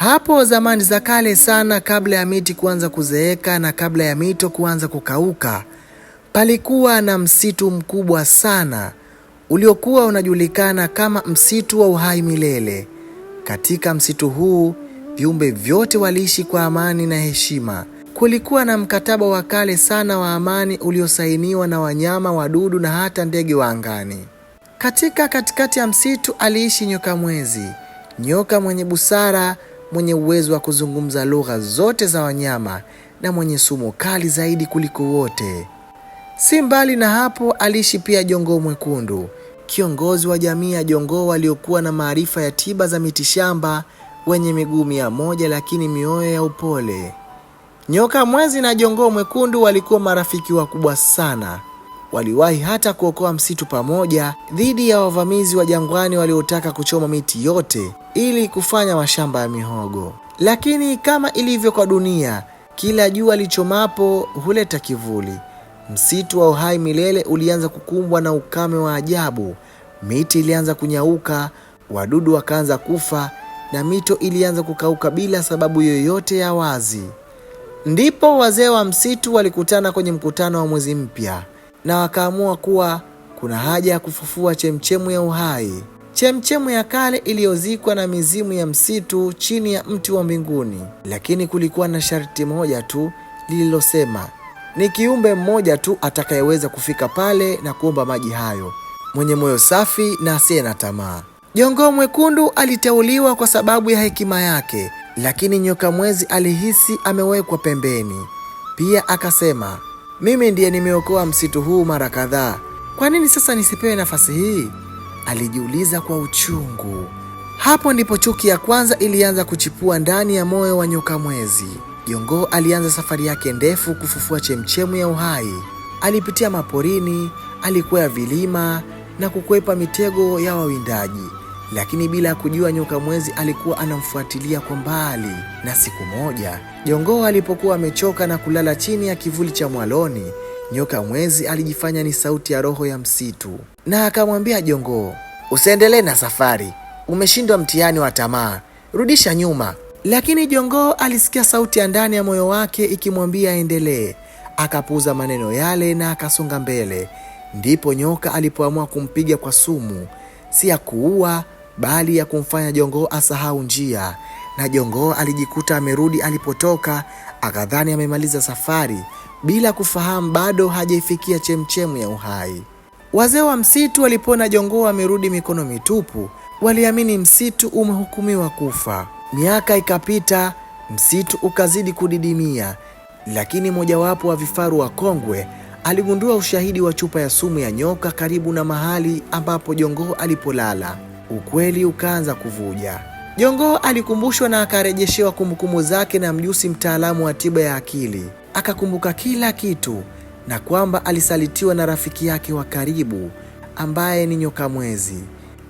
Hapo zamani za kale sana, kabla ya miti kuanza kuzeeka na kabla ya mito kuanza kukauka, palikuwa na msitu mkubwa sana uliokuwa unajulikana kama msitu wa uhai milele. Katika msitu huu viumbe vyote waliishi kwa amani na heshima. Kulikuwa na mkataba wa kale sana wa amani uliosainiwa na wanyama, wadudu na hata ndege wa angani. Katika katikati ya msitu aliishi nyoka Mwezi, nyoka mwenye busara mwenye uwezo wa kuzungumza lugha zote za wanyama na mwenye sumu kali zaidi kuliko wote. Si mbali na hapo, aliishi pia jongoo mwekundu, kiongozi wa jamii ya jongoo waliokuwa na maarifa ya tiba za mitishamba, wenye miguu mia moja lakini mioyo ya upole. Nyoka Mwezi na Jongoo Mwekundu walikuwa marafiki wakubwa sana waliwahi hata kuokoa msitu pamoja dhidi ya wavamizi wa jangwani waliotaka kuchoma miti yote ili kufanya mashamba ya mihogo. Lakini kama ilivyo kwa dunia, kila jua lichomapo huleta kivuli. Msitu wa uhai milele ulianza kukumbwa na ukame wa ajabu. Miti ilianza kunyauka, wadudu wakaanza kufa na mito ilianza kukauka bila sababu yoyote ya wazi. Ndipo wazee wa msitu walikutana kwenye mkutano wa mwezi mpya na wakaamua kuwa kuna haja ya kufufua chemchemu ya uhai, chemchemu ya kale iliyozikwa na mizimu ya msitu chini ya mti wa mbinguni. Lakini kulikuwa na sharti moja tu lililosema ni kiumbe mmoja tu atakayeweza kufika pale na kuomba maji hayo, mwenye moyo safi na asiye na tamaa. Jongoo mwekundu aliteuliwa kwa sababu ya hekima yake, lakini nyoka mwezi alihisi amewekwa pembeni. Pia akasema mimi ndiye nimeokoa msitu huu mara kadhaa, kwa nini sasa nisipewe nafasi hii? alijiuliza kwa uchungu. Hapo ndipo chuki ya kwanza ilianza kuchipua ndani ya moyo wa nyoka mwezi. jongo alianza safari yake ndefu kufufua chemchemu ya uhai. Alipitia maporini, alikwea vilima na kukwepa mitego ya wawindaji lakini bila kujua nyoka mwezi alikuwa anamfuatilia kwa mbali. Na siku moja jongoo alipokuwa amechoka na kulala chini ya kivuli cha mwaloni, nyoka mwezi alijifanya ni sauti ya roho ya msitu na akamwambia jongoo, usiendelee na safari, umeshindwa mtihani wa tamaa, rudisha nyuma. Lakini jongoo alisikia sauti ya ndani ya moyo wake ikimwambia aendelee. Akapuuza maneno yale na akasonga mbele. Ndipo nyoka alipoamua kumpiga kwa sumu, si ya kuua bali ya kumfanya jongoo asahau njia, na jongoo alijikuta amerudi alipotoka, akadhani amemaliza safari bila kufahamu bado hajaifikia chemchemu ya uhai. Wazee wa msitu walipona jongoo amerudi mikono mitupu, waliamini msitu umehukumiwa kufa. Miaka ikapita, msitu ukazidi kudidimia, lakini mojawapo wa vifaru wa kongwe aligundua ushahidi wa chupa ya sumu ya nyoka karibu na mahali ambapo jongoo alipolala ukweli ukaanza kuvuja. Jongoo alikumbushwa na akarejeshewa kumbukumbu zake na mjusi mtaalamu wa tiba ya akili. Akakumbuka kila kitu na kwamba alisalitiwa na rafiki yake wa karibu ambaye ni nyoka mwezi.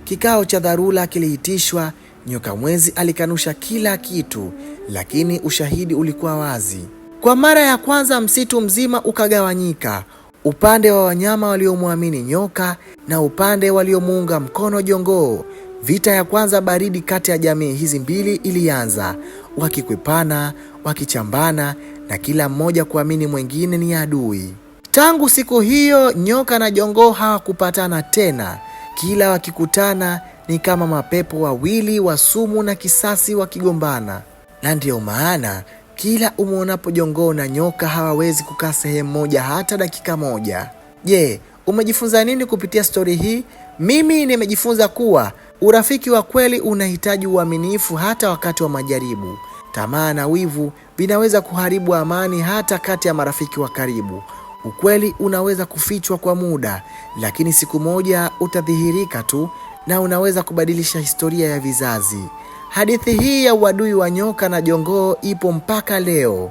Kikao cha dharura kiliitishwa. Nyoka mwezi alikanusha kila kitu, lakini ushahidi ulikuwa wazi. Kwa mara ya kwanza msitu mzima ukagawanyika upande wa wanyama waliomwamini nyoka na upande waliomuunga mkono jongoo. Vita ya kwanza baridi kati ya jamii hizi mbili ilianza, wakikwepana, wakichambana na kila mmoja kuamini mwingine ni adui. Tangu siku hiyo nyoka na jongoo hawakupatana tena. Kila wakikutana ni kama mapepo wawili wa sumu na kisasi wakigombana, na ndiyo maana kila umwonapo jongoo na nyoka hawawezi kukaa sehemu moja hata dakika moja. Je, umejifunza nini kupitia stori hii? Mimi nimejifunza kuwa urafiki wa kweli unahitaji uaminifu hata wakati wa majaribu. Tamaa na wivu vinaweza kuharibu amani hata kati ya marafiki wa karibu. Ukweli unaweza kufichwa kwa muda, lakini siku moja utadhihirika tu na unaweza kubadilisha historia ya vizazi. Hadithi hii ya uadui wa nyoka na jongoo ipo mpaka leo.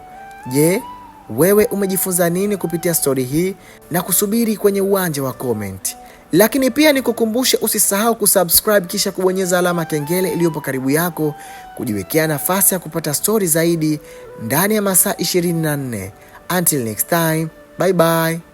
Je, wewe umejifunza nini kupitia stori hii? Na kusubiri kwenye uwanja wa comment. Lakini pia nikukumbushe, usisahau kusubscribe kisha kubonyeza alama kengele iliyopo karibu yako, kujiwekea nafasi ya kupata stori zaidi ndani ya masaa 24. Until next time, bye bye.